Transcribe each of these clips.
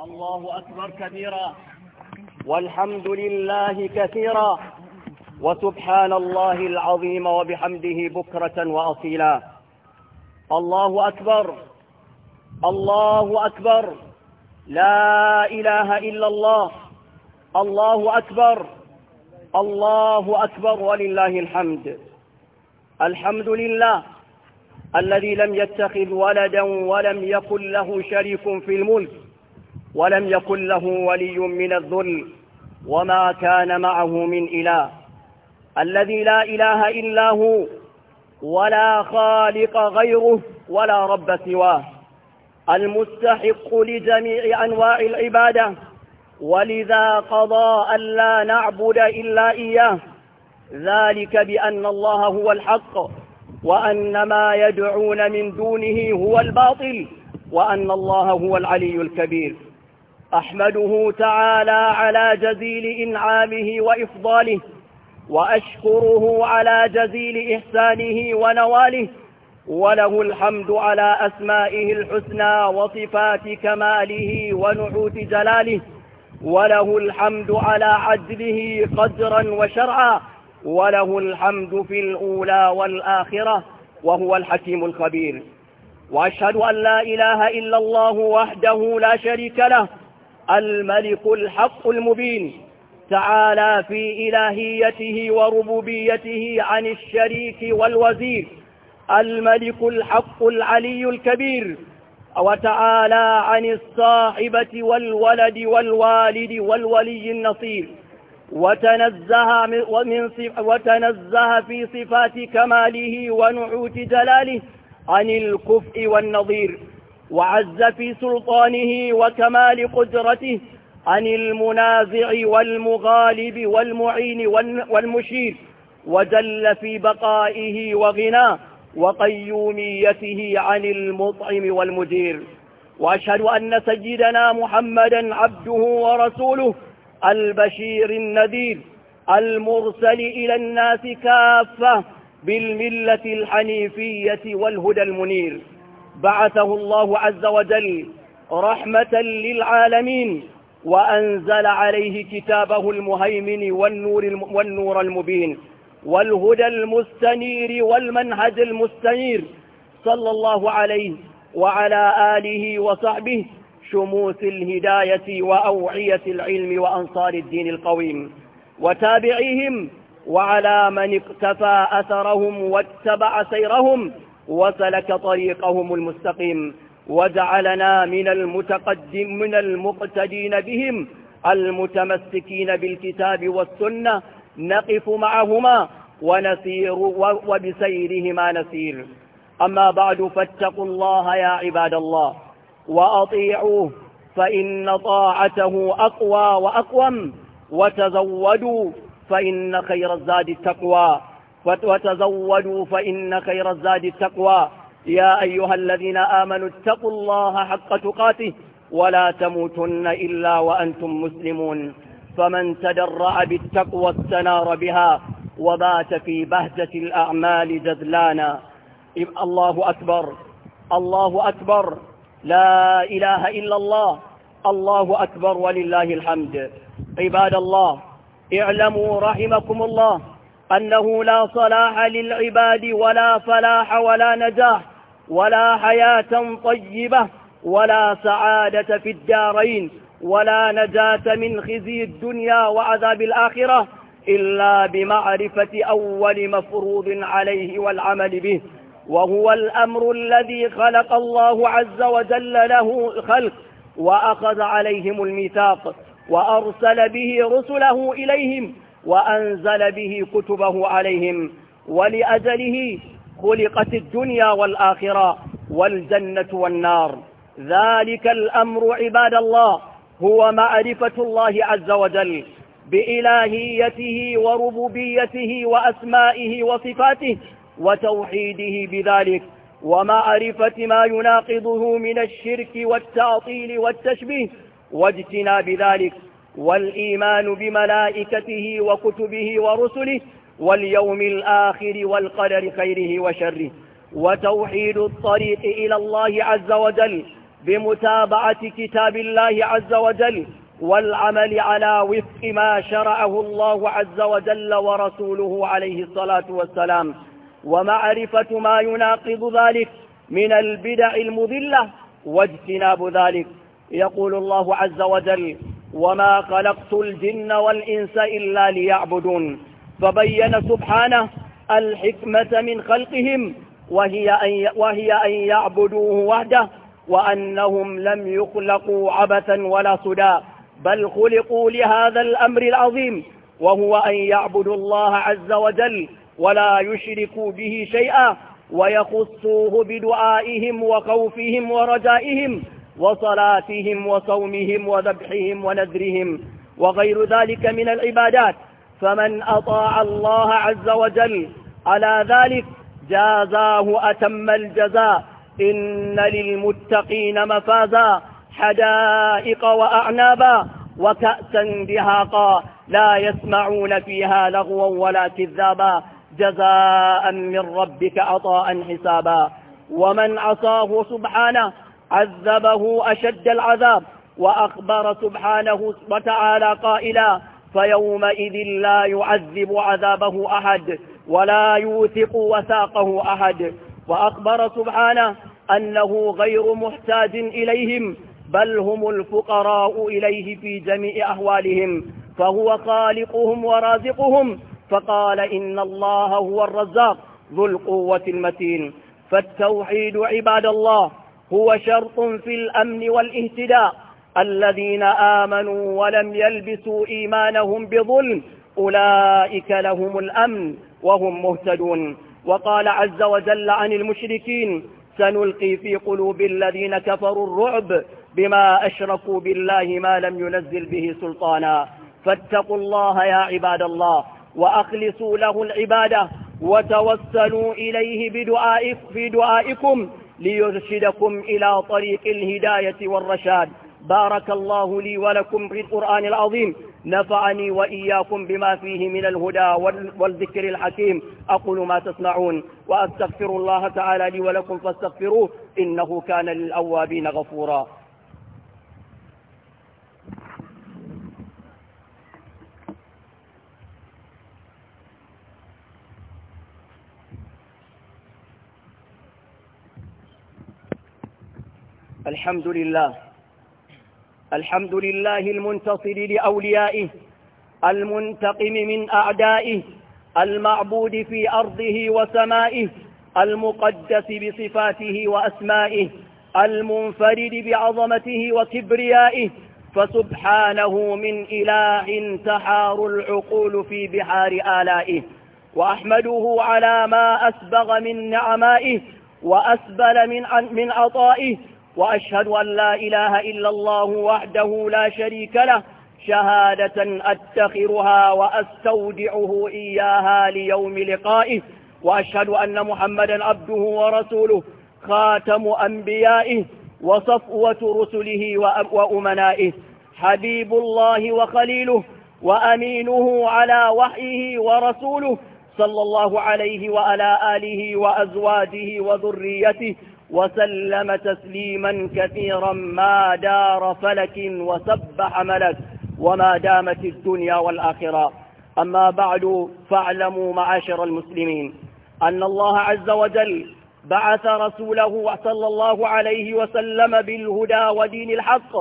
الله أكبر كبيرا والحمد لله كثيرا وسبحان الله العظيم وبحمده بكرة وأصيلا الله أكبر الله أكبر لا إله إلا الله الله أكبر الله أكبر ولله الحمد الحمد لله الذي لم يتخذ ولدا ولم يكن له شريك في الملك ولم يكن له ولي من الذل وما كان معه من إله الذي لا إله إلا هو ولا خالق غيره ولا رب سواه المستحق لجميع أنواع العبادة ولذا قضى ألا نعبد إلا إياه ذلك بأن الله هو الحق وأن ما يدعون من دونه هو الباطل وأن الله هو العلي الكبير أحمده تعالى على جزيل إنعامه وإفضاله وأشكره على جزيل إحسانه ونواله وله الحمد على أسمائه الحسنى وصفات كماله ونعوت جلاله وله الحمد على عدله قدرا وشرعا وله الحمد في الأولى والآخرة وهو الحكيم الخبير وأشهد أن لا إله إلا الله وحده لا شريك له الملك الحق المبين تعالى في إلهيته وربوبيته عن الشريك والوزير الملك الحق العلي الكبير وتعالى عن الصاحبة والولد والوالد والولي النصير وتنزه من وتنزه في صفات كماله ونعوت جلاله عن الكفء والنظير وعز في سلطانه وكمال قدرته عن المنازع والمغالب والمعين والمشير وجل في بقائه وغناه وقيوميته عن المطعم والمدير وأشهد أن سيدنا محمدا عبده ورسوله البشير النذير المرسل إلى الناس كافة بالملة الحنيفية والهدى المنير بعثه الله عز وجل رحمة للعالمين وأنزل عليه كتابه المهيمن والنور, والنور المبين والهدى المستنير والمنهج المستنير صلى الله عليه وعلى آله وصحبه شموس الهداية وأوعية العلم وأنصار الدين القويم وتابعيهم وعلى من اقتفى أثرهم واتبع سيرهم وسلك طريقهم المستقيم وجعلنا من المتقدم من المقتدين بهم المتمسكين بالكتاب والسنة نقف معهما ونسير وبسيرهما نسير أما بعد فاتقوا الله يا عباد الله وأطيعوه فإن طاعته أقوى وأقوم وتزودوا فإن خير الزاد التقوى وتزودوا فإن خير الزاد التقوى يا أيها الذين آمنوا اتقوا الله حق تقاته ولا تموتن إلا وأنتم مسلمون فمن تدرع بالتقوى استنار بها وبات في بهجة الأعمال جذلانا الله أكبر الله أكبر لا إله إلا الله الله أكبر ولله الحمد عباد الله اعلموا رحمكم الله أنه لا صلاح للعباد ولا فلاح ولا نجاح ولا حياة طيبة ولا سعادة في الدارين ولا نجاة من خزي الدنيا وعذاب الآخرة إلا بمعرفة أول مفروض عليه والعمل به وهو الأمر الذي خلق الله عز وجل له الخلق وأخذ عليهم الميثاق وأرسل به رسله إليهم وأنزل به كتبه عليهم ولأجله خلقت الدنيا والآخرة والجنة والنار ذلك الأمر عباد الله هو معرفة الله عز وجل بإلهيته وربوبيته وأسمائه وصفاته وتوحيده بذلك ومعرفة ما يناقضه من الشرك والتعطيل والتشبيه واجتناب ذلك والإيمان بملائكته وكتبه ورسله واليوم الآخر والقدر خيره وشره وتوحيد الطريق إلى الله عز وجل بمتابعة كتاب الله عز وجل والعمل على وفق ما شرعه الله عز وجل ورسوله عليه الصلاة والسلام ومعرفة ما يناقض ذلك من البدع المضلة واجتناب ذلك يقول الله عز وجل وما خلقت الجن والإنس إلا ليعبدون فبين سبحانه الحكمة من خلقهم وهي أن, وهي أن يعبدوه وحده وأنهم لم يخلقوا عبثا ولا صدا بل خلقوا لهذا الأمر العظيم وهو أن يعبدوا الله عز وجل ولا يشركوا به شيئا ويخصوه بدعائهم وخوفهم ورجائهم وصلاتهم وصومهم وذبحهم ونذرهم وغير ذلك من العبادات فمن أطاع الله عز وجل على ذلك جازاه أتم الجزاء إن للمتقين مفازا حدائق وأعنابا وكأسا بهاقا لا يسمعون فيها لغوا ولا كذابا جزاء من ربك عطاء حسابا ومن عصاه سبحانه عذبه أشد العذاب وأخبر سبحانه وتعالى قائلا فيومئذ لا يعذب عذابه أحد ولا يوثق وثاقه أحد وأخبر سبحانه أنه غير محتاج إليهم بل هم الفقراء إليه في جميع أحوالهم فهو خالقهم ورازقهم فقال إن الله هو الرزاق ذو القوة المتين فالتوحيد عباد الله هو شرط في الأمن والاهتداء الذين آمنوا ولم يلبسوا إيمانهم بظلم أولئك لهم الأمن وهم مهتدون وقال عز وجل عن المشركين سنلقي في قلوب الذين كفروا الرعب بما أشركوا بالله ما لم ينزل به سلطانا فاتقوا الله يا عباد الله وأخلصوا له العبادة وتوسلوا إليه بدعائك في دعائكم ليرشدكم إلى طريق الهداية والرشاد بارك الله لي ولكم في القرآن العظيم نفعني وإياكم بما فيه من الهدى والذكر الحكيم أقول ما تسمعون وأستغفر الله تعالى لي ولكم فاستغفروه إنه كان للأوابين غفورا الحمد لله الحمد لله المنتصر لأوليائه المنتقم من أعدائه المعبود في أرضه وسمائه المقدس بصفاته وأسمائه المنفرد بعظمته وكبريائه فسبحانه من إله تحار العقول في بحار آلائه وأحمده على ما أسبغ من نعمائه وأسبل من عطائه وأشهد أن لا إله إلا الله وحده لا شريك له شهادة أتخرها وأستودعه إياها ليوم لقائه وأشهد أن محمدا عبده ورسوله خاتم أنبيائه وصفوة رسله وأمنائه حبيب الله وخليله وأمينه على وحيه ورسوله صلى الله عليه وعلى آله وأزواجه وذريته وسلم تسليما كثيرا ما دار فلك وسبح ملك وما دامت الدنيا والآخرة أما بعد فاعلموا معاشر المسلمين أن الله عز وجل بعث رسوله صلى الله عليه وسلم بالهدى ودين الحق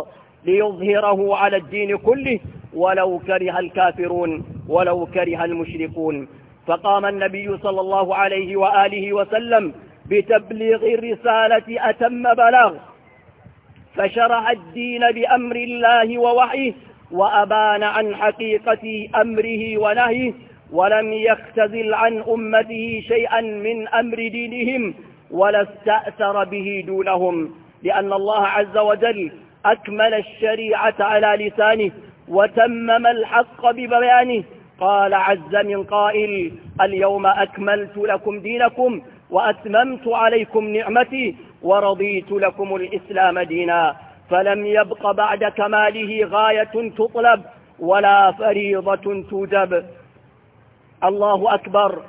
ليظهره على الدين كله ولو كره الكافرون ولو كره المشركون فقام النبي صلى الله عليه وآله وسلم بتبليغ الرسالة أتم بلاغ فشرع الدين بأمر الله ووحيه وأبان عن حقيقة أمره ونهيه ولم يختزل عن أمته شيئا من أمر دينهم ولا استأثر به دونهم لأن الله عز وجل أكمل الشريعة على لسانه وتمم الحق ببيانه قال عز من قائل اليوم أكملت لكم دينكم وأتممت عليكم نعمتي ورضيت لكم الإسلام دينا فلم يبق بعد كماله غاية تطلب ولا فريضة توجب الله أكبر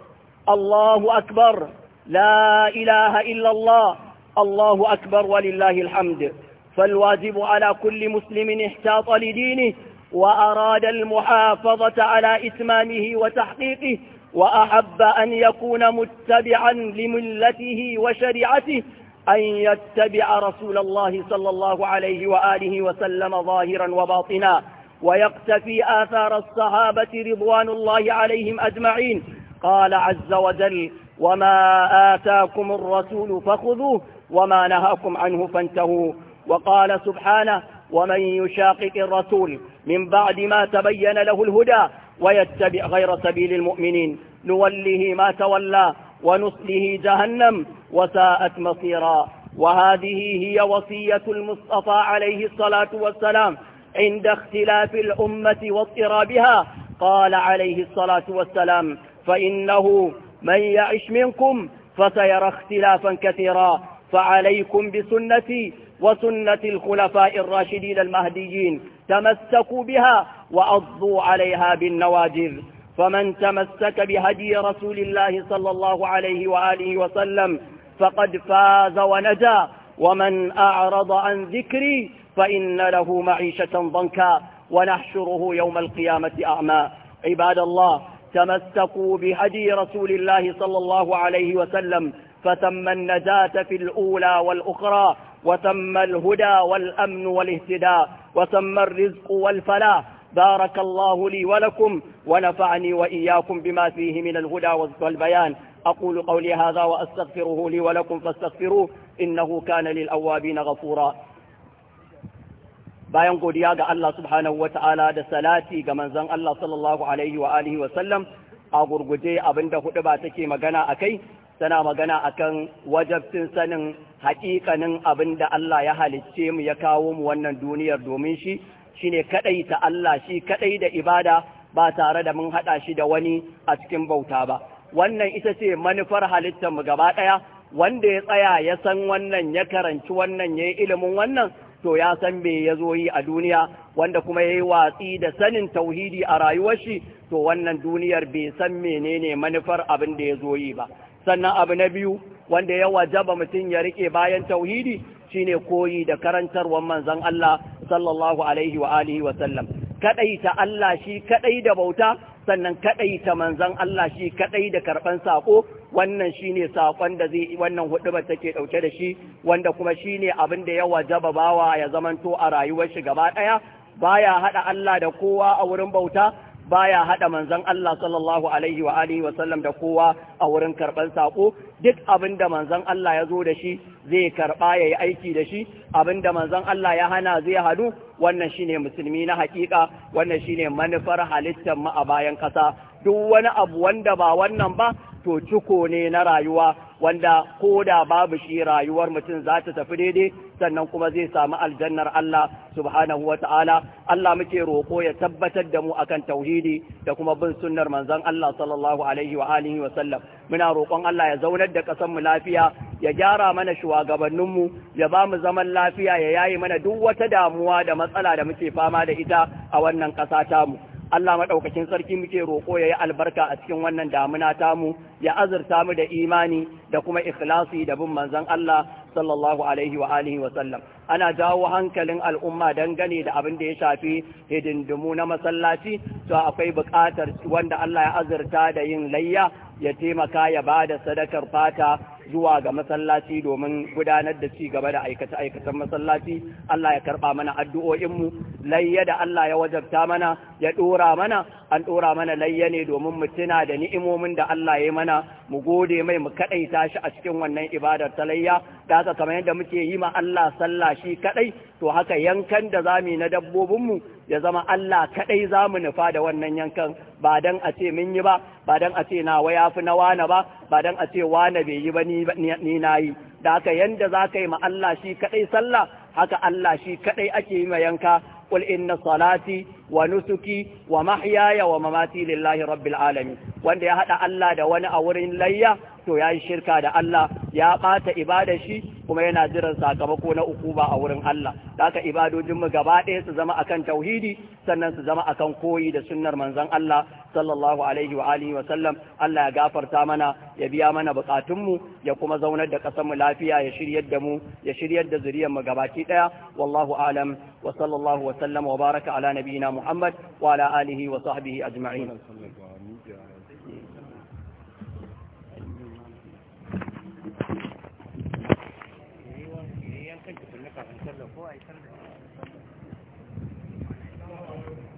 الله أكبر لا إله إلا الله الله أكبر ولله الحمد فالواجب على كل مسلم احتاط لدينه وأراد المحافظة على إتمامه وتحقيقه وأحب أن يكون متبعا لملته وشريعته أن يتبع رسول الله صلى الله عليه وآله وسلم ظاهرا وباطنا ويقتفي آثار الصحابة رضوان الله عليهم أجمعين قال عز وجل وما آتاكم الرسول فخذوه وما نهاكم عنه فانتهوا وقال سبحانه ومن يشاقق الرسول من بعد ما تبين له الهدى ويتبع غير سبيل المؤمنين نوله ما تولى ونصله جهنم وساءت مصيرا وهذه هي وصية المصطفى عليه الصلاة والسلام عند اختلاف الأمة واضطرابها قال عليه الصلاة والسلام فإنه من يعش منكم فسيرى اختلافا كثيرا فعليكم بسنتي وسنة الخلفاء الراشدين المهديين تمسكوا بها وأضوا عليها بالنواجذ فمن تمسك بهدي رسول الله صلى الله عليه وآله وسلم فقد فاز ونجا ومن أعرض عن ذكري فإن له معيشة ضنكا ونحشره يوم القيامة أعمى عباد الله تمسكوا بهدي رسول الله صلى الله عليه وسلم فتم النجاة في الأولى والأخرى وتم الهدى والأمن والاهتداء وتم الرزق والفلاح بارك الله لي ولكم ونفعني وإياكم بما فيه من الهدى والبيان أقول قولي هذا وأستغفره لي ولكم فاستغفروه إنه كان للأوابين غفورا bayan godiya ga Allah subhanahu wa ta'ala da salati ga manzon Allah sallallahu alaihi wa alihi wa sallam a gurguje abinda hudu ba take magana tana magana akan wajabcin sanin haƙiƙanin abin da Allah ya halicce mu ya kawo mu wannan duniyar domin shi shine kaɗai ta Allah shi kaɗai da ibada ba tare da mun haɗa shi da wani a cikin bauta ba wannan ita ce manufar halittar mu gaba ɗaya, wanda ya tsaya ya san wannan ya karanci wannan yayi ilimin wannan to ya san me ya zo yi a duniya wanda kuma yayi watsi da sanin tauhidi a rayuwar shi to wannan duniyar bai san menene manufar abin da ya zo yi ba sannan abu na biyu wanda ya wajaba mutum ya rike bayan tauhidi shine koyi da karantarwar manzon Allah sallallahu alaihi wa alihi wa sallam ta Allah shi kaɗai da bauta sannan ta manzon Allah shi kaɗai da karban sako wannan shine sakon da zai wannan hudubar take ɗauke da shi wanda kuma shine abin da ya wajaba bawa ya zamanto a rayuwar shi gaba daya baya haɗa Allah da kowa a wurin bauta baya hada manzon Allah sallallahu alaihi wa alihi wa sallam da kowa a wurin karban sako duk abinda manzon Allah ya zo da shi zai karba yayi aiki da shi abinda manzon Allah ya hana zai hadu wannan shine musulmi na hakika wannan shine manufar halittar mu a bayan kasa duk wani abu wanda ba wannan ba to ciko ne na rayuwa wanda ko da babu shi rayuwar mutum za ta tafi daidai sannan kuma zai samu aljannar Allah subhanahu wa ta'ala Allah muke roƙo ya tabbatar da mu akan tauhidi da kuma bin sunnar manzon Allah sallallahu alaihi wa alihi wa sallam muna roƙon Allah ya zaunar da ƙasar mu lafiya ya gyara mana shugabannin mu ya ba mu zaman lafiya ya yayi mana duk wata damuwa da matsala da muke fama da ita a wannan ƙasa tamu Allah maɗaukakin sarki muke roƙo ya yi albarka a cikin wannan damuna tamu ya azurta mu da imani da kuma ikhlasi da bin manzon Allah sallallahu alaihi wa alihi wa sallam ana jawo hankalin al'umma dangane da abin da ya shafi hidindimu na masallaci to akwai buƙatar wanda Allah ya azurta da yin layya ya taimaka ya bada sadakar fata zuwa ga masallaci domin gudanar da ci gaba da aikace-aikacen masallaci Allah ya karba mana addu'o'inmu layya da Allah ya wajabta mana ya dora mana an dora mana layya ne domin mu tuna da ni'imomin da Allah ya mana mu gode mai mu kadaita shi a cikin wannan ibadar ta layya da kamar yadda muke yi ma Allah sallah shi kadai to haka yankan da zamu na dabbobin mu ya zama Allah kadai zamu nufa da wannan yankan ba dan a ce mun yi ba ba dan a ce na waya fi na ba ba don a ce na bai yi ba ni na yi da haka yanda za ka yi ma Allah shi kaɗai sallah haka Allah shi kaɗai ake yi ma yanka qul inna salati wa nusuki wa mahyaya wa mamati lillahi rabbil alami, wanda ya haɗa Allah da wani a wurin layya to ya yi shirka da Allah ya ɓata ibadar shi kuma yana jiran sakamako na ukuba a wurin Allah haka ibadojin mu gaba ɗaya su zama akan tauhidi sannan su zama akan koyi da sunnar manzon Allah sallallahu alaihi wa alihi wa sallam Allah ya gafarta mana ya biya mana bukatun mu ya kuma zaunar da kasar mu lafiya ya shiryar da mu ya shiryar da zuriyar mu gabaki ɗaya wallahu alam wa sallallahu wa sallam wa baraka ala nabiyina Muhammad wa ala alihi wa sahbihi ajma'in kafin sallah ko a yi sallah